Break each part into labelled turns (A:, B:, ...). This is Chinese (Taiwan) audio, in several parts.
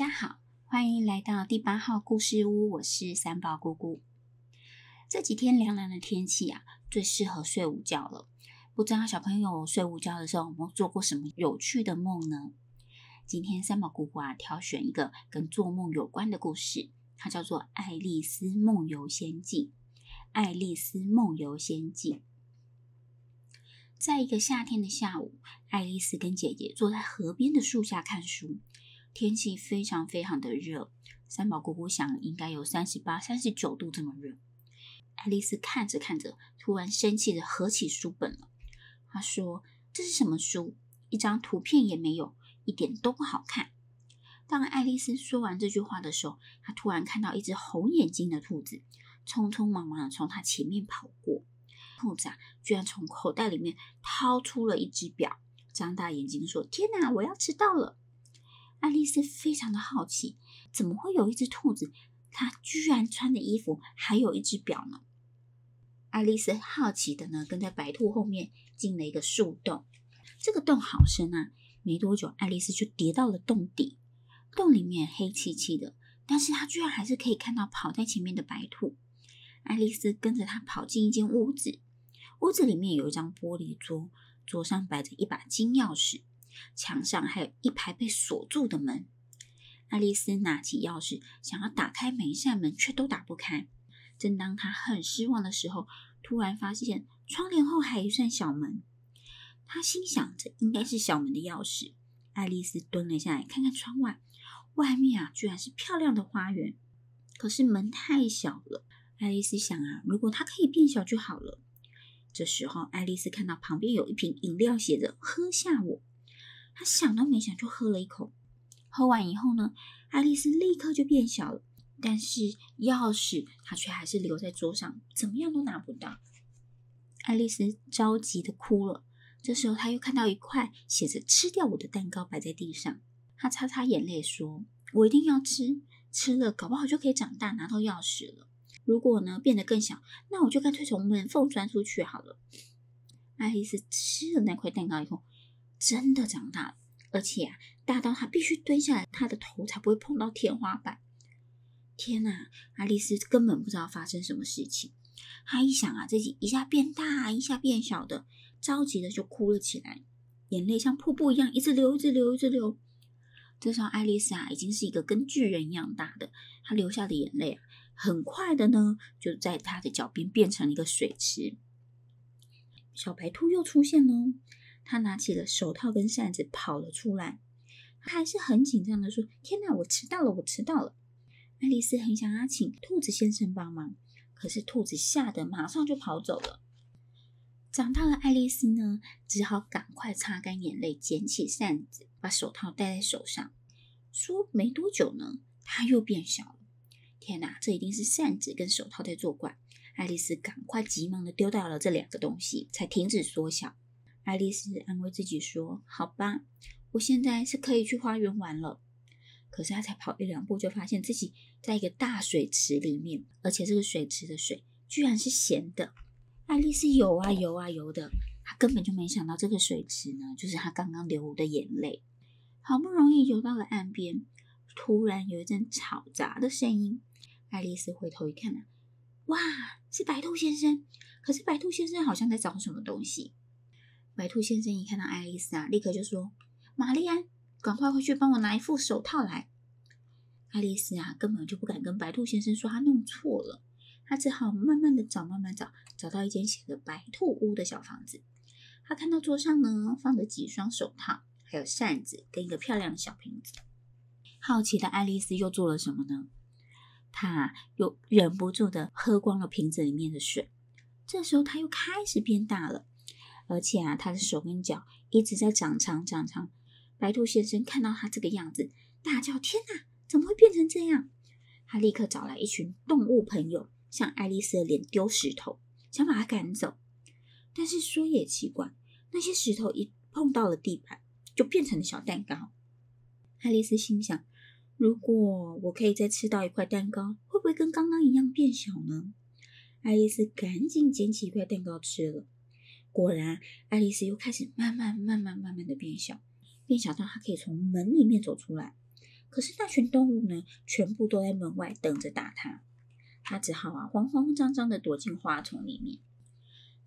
A: 大家好，歡迎來到第八號故事屋。我是三寶菇菇。這幾天涼涼的天氣啊，最適合睡午覺了。不知道小朋友睡午覺的時候，有沒有做過什麼有趣的夢呢？今天三寶菇菇啊，挑選一個跟做夢有關的故事，它叫做《愛麗絲夢遊仙境》。《愛麗絲夢遊仙境》在一個夏天的下午，愛麗絲跟姐姐坐在河邊的樹下看書。天氣非常非常的熱，三寶菇菇想應該有三十八、三十九度這麼熱。愛麗絲看着看着，突然生氣的合起書本了。她說：“這是什麼書？一張圖片也沒有，一點都不好看。”當愛麗絲說完這句話的時候，她突然看到一隻紅眼睛的兔子，匆匆忙忙的從她前面跑過。兔子啊，居然從口袋裡面掏出了一隻表，張大眼睛說：“天哪，我要遲到了！”愛麗絲非常的好奇，怎麼會有一隻兔子？它居然穿的衣服還有一隻表呢？愛麗絲好奇的呢，跟在白兔後面進了一個樹洞。這個洞好深啊！沒多久，愛麗絲就跌到了洞底。洞裡面黑漆漆的，但是她居然還是可以看到跑在前面的白兔。愛麗絲跟着他跑進一間屋子，屋子裡面有一張玻璃桌，桌上擺着一把金鑰匙。牆上還有一排被鎖住的門。愛麗絲拿起鑰匙，想要打開每一扇門，卻都打不開。正當她很失望的時候，突然發現窗簾後還有一扇小門。她心想：“這應該是小門的鑰匙。”愛麗絲蹲了下來，看看窗外，外面啊，居然是漂亮的花園。可是門太小了，愛麗絲想啊，如果她可以變小就好了。這時候，愛麗絲看到旁邊有一瓶飲料，寫着“喝下我”。他想都沒想就喝了一口，喝完以後呢，愛麗絲立刻就變小了。但是鑰匙他卻還是留在桌上，怎麼樣都拿不到。愛麗絲着急的哭了。這時候，她又看到一塊寫着“吃掉我的蛋糕”擺在地上。她擦擦眼淚說：“我一定要吃，吃了搞不好就可以長大，拿到鑰匙了。如果呢變得更小，那我就乾脆從門縫鑽出去好了。”愛麗絲吃了那塊蛋糕以後。真的長大了，而且啊，大到他必須蹲下來，他的頭才不會碰到天花板。天啊，愛麗絲根本不知道發生什麼事情。她一想啊，自己一下變大，一下變小的，着急的就哭了起來，眼淚像瀑布一樣一直流，一直流，一直流。這時候，愛麗絲啊，已經是一個跟巨人一樣大的，她流下的眼淚啊，很快的呢，就在她的腳邊變成了一個水池。小白兔又出現了。他拿起了手套跟扇子，跑了出來。他還是很緊張的說：“天哪，我遲到了，我遲到了！”愛麗絲很想請兔子先生幫忙，可是兔子嚇得馬上就跑走了。長大了，愛麗絲呢，只好趕快擦乾眼淚，撿起扇子，把手套戴在手上，說沒多久呢，它又變小了。天哪，這一定是扇子跟手套在作怪。愛麗絲趕快急忙的丟掉了這兩個東西，才停止縮小。愛麗絲安慰自己說：“好吧，我現在是可以去花園玩了。”可是她才跑一兩步，就發現自己在一個大水池裡面，而且這個水池的水居然是鹹的。愛麗絲游啊游啊游的，她根本就沒想到這個水池呢，就是她剛剛流的眼淚。好不容易游到了岸邊，突然有一陣嘈雜的聲音。愛麗絲回頭一看，啊，哇，是白兔先生！可是白兔先生好像在找什麼東西。白兔先生一看到愛麗絲啊，立刻就說：“瑪麗安，趕快回去幫我拿一副手套來。”愛麗絲啊，根本就不敢跟白兔先生說她弄錯了，她只好慢慢的找，慢慢找，找到一間寫着“白兔屋”的小房子。她看到桌上呢，放着幾雙手套，還有扇子跟一個漂亮的小瓶子。好奇的愛麗絲又做了什麼呢？她啊，又忍不住的喝光了瓶子裡面的水。這時候，她又開始變大了。而且啊，他的手跟腳一直在長長長長。白兔先生看到他這個樣子，大叫：“天哪，怎麼會變成這樣？”他立刻找來一群動物朋友，向愛麗絲的臉丟石頭，想把她趕走。但是說也奇怪，那些石頭一碰到了地板，就變成了小蛋糕。愛麗絲心想：“如果我可以再吃到一塊蛋糕，會不會跟剛剛一樣變小呢？”愛麗絲趕緊撿起一塊蛋糕吃了。果然，愛麗絲又開始慢慢、慢慢、慢慢的變小，變小到她可以從門裡面走出來。可是那群動物呢，全部都在門外等着打她。她只好啊，慌慌張張的躲進花叢裡面。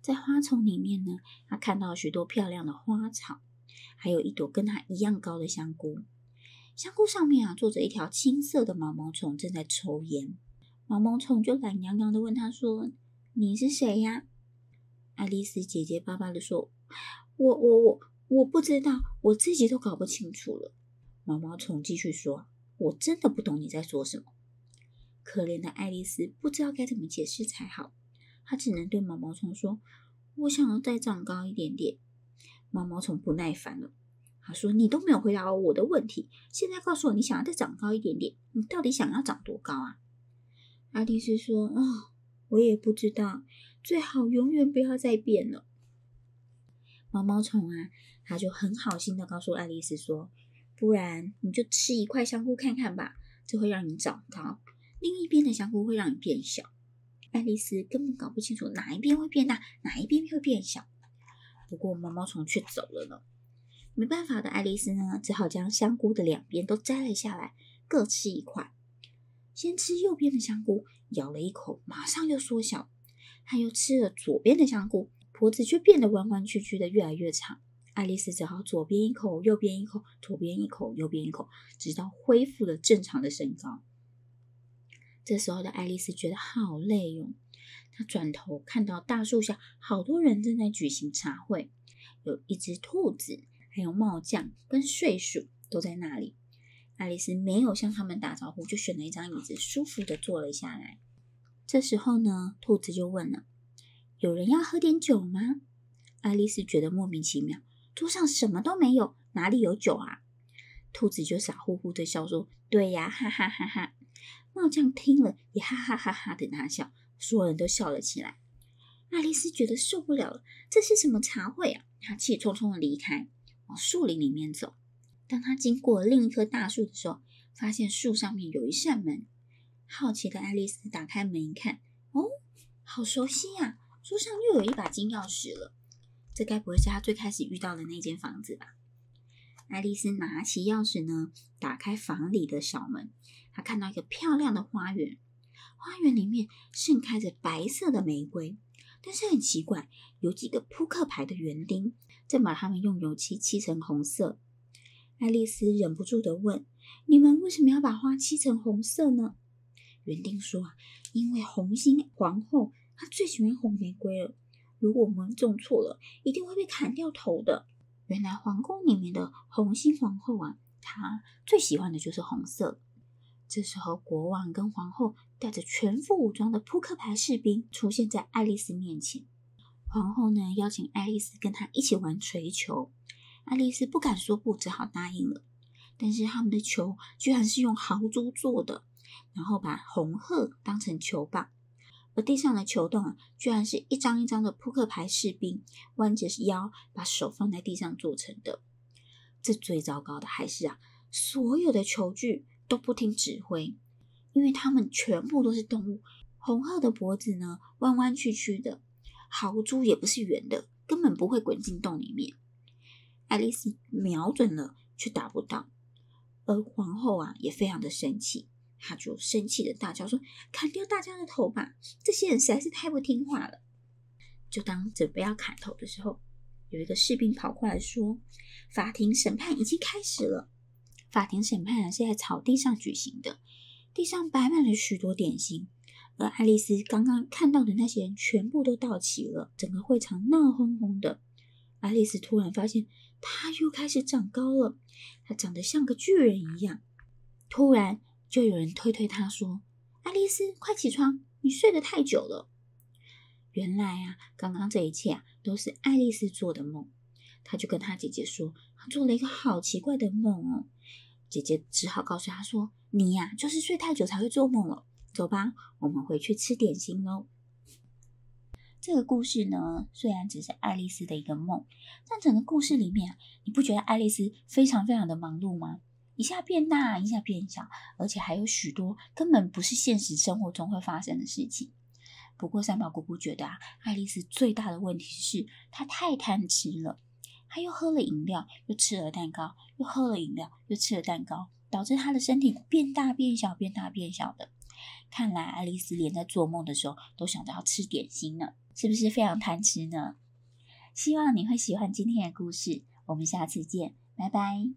A: 在花叢裡面呢，她看到許多漂亮的花草，還有一朵跟她一樣高的香菇。香菇上面啊，坐着一條青色的毛毛蟲，正在抽菸。毛毛蟲就懶洋洋的問她說：“你是誰呀？”愛麗絲結結巴巴的說：“我、我、我，我不知道，我自己都搞不清楚了。”毛毛蟲繼續說：“我真的不懂你在說什麼。”可憐的愛麗絲不知道該怎麼解釋才好，她只能對毛毛蟲說：“我想要再長高一點點。”毛毛蟲不耐煩了，他說：“你都沒有回答我的問題，現在告訴我你想要再長高一點點，你到底想要長多高啊？”愛麗絲說：“哦，我也不知道。”最好永遠不要再變了，毛毛蟲啊，他就很好心的告訴愛麗絲說：“不然你就吃一塊香菇看看吧，這會讓你長高；另一邊的香菇會讓你變小。”愛麗絲根本搞不清楚哪一邊會變大，哪一邊會變小。不過毛毛蟲卻走了呢。沒辦法的愛麗絲呢，只好將香菇的兩邊都摘了下來，各吃一塊。先吃右邊的香菇，咬了一口，馬上又縮小。他又吃了左邊的香菇，脖子卻變得彎彎曲曲的，越來越長。愛麗絲只好左邊一口，右邊一口，左邊一口，右邊一口，直到恢復了正常的身高。這時候的愛麗絲覺得好累喲。她轉頭看到大樹下好多人正在舉行茶會，有一隻兔子，還有帽匠跟睡鼠都在那裡。愛麗絲沒有向他們打招呼，就選了一張椅子，舒服的坐了下來。這時候呢，兔子就問了：“有人要喝點酒嗎？”愛麗絲覺得莫名其妙，桌上什麼都沒有，哪裡有酒啊？兔子就傻乎乎的笑說：“對呀，哈哈哈哈！”帽匠聽了也哈哈哈哈的大笑，所有人都笑了起來。愛麗絲覺得受不了了，這是什麼茶會啊？她氣冲冲的離開，往樹林裡面走。當她經過了另一棵大樹的時候，發現樹上面有一扇門。好奇的愛麗絲打開門一看，哦，好熟悉呀、啊！桌上又有一把金鑰匙了。這該不會是她最開始遇到的那間房子吧？愛麗絲拿起鑰匙呢，打開房裡的小門。她看到一個漂亮的花園，花園裡面盛開着白色的玫瑰。但是很奇怪，有幾個撲克牌的園丁正把它們用油漆漆成紅色。愛麗絲忍不住地問：“你們為什麼要把花漆成紅色呢？”園丁說：“啊，因為紅心皇後她最喜歡紅玫瑰了。如果我們種錯了，一定會被砍掉頭的。”原來皇宮裡面的紅心皇後啊，她最喜歡的就是紅色。這時候，國王跟皇后帶着全副武裝的撲克牌士兵出現在愛麗絲面前。皇後呢，邀請愛麗絲跟她一起玩槌球。愛麗絲不敢說不，只好答應了。但是他們的球居然是用豪豬做的。然後把紅鶴當成球棒，而地上的球洞啊，居然是一張一張的撲克牌士兵，彎着腰，把手放在地上做成的。這最糟糕的還是啊，所有的球具都不聽指揮，因為他們全部都是動物。紅鶴的脖子呢，彎彎曲曲的；豪豬也不是圓的，根本不會滾進洞裡面。愛麗絲瞄準了，卻打不到，而皇後啊，也非常的生氣。他就生氣地大叫說：“砍掉大家的頭吧！這些人實在是太不聽話了。”就當準備要砍頭的時候，有一個士兵跑過來說：“法庭審判已經開始了。”法庭審判是在草地上舉行的，地上擺滿了許多點心，而愛麗絲剛剛看到的那些人全部都到齊了。整個會場鬧哄哄的。愛麗絲突然發現，她又開始長高了，她長得像個巨人一樣。突然，就有人推推她，說：“愛麗絲，快起床，你睡得太久了。”原來啊，剛剛這一切啊，都是愛麗絲做的夢。她就跟她姐姐說：“她做了一個好奇怪的夢哦。”姐姐只好告訴她說：“你呀、啊，就是睡太久才會做夢了。走吧，我們回去吃點心哦。”這個故事呢，雖然只是愛麗絲的一個夢，但整個故事裡面，你不覺得愛麗絲非常非常的忙碌嗎？一下變大，一下變小，而且還有許多根本不是現實生活中會發生的事情。不過，三寶菇菇覺得，啊，愛麗絲最大的問題是她太貪吃了。她又喝了飲料，又吃了蛋糕，又喝了飲料，又吃了蛋糕，導致她的身體變大變小，變大變小的。看來愛麗絲連在做夢的時候都想着要吃點心呢，是不是非常貪吃呢？希望你會喜歡今天的故事，我們下次見，拜拜。